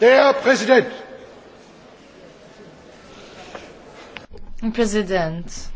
Der Präsident. President.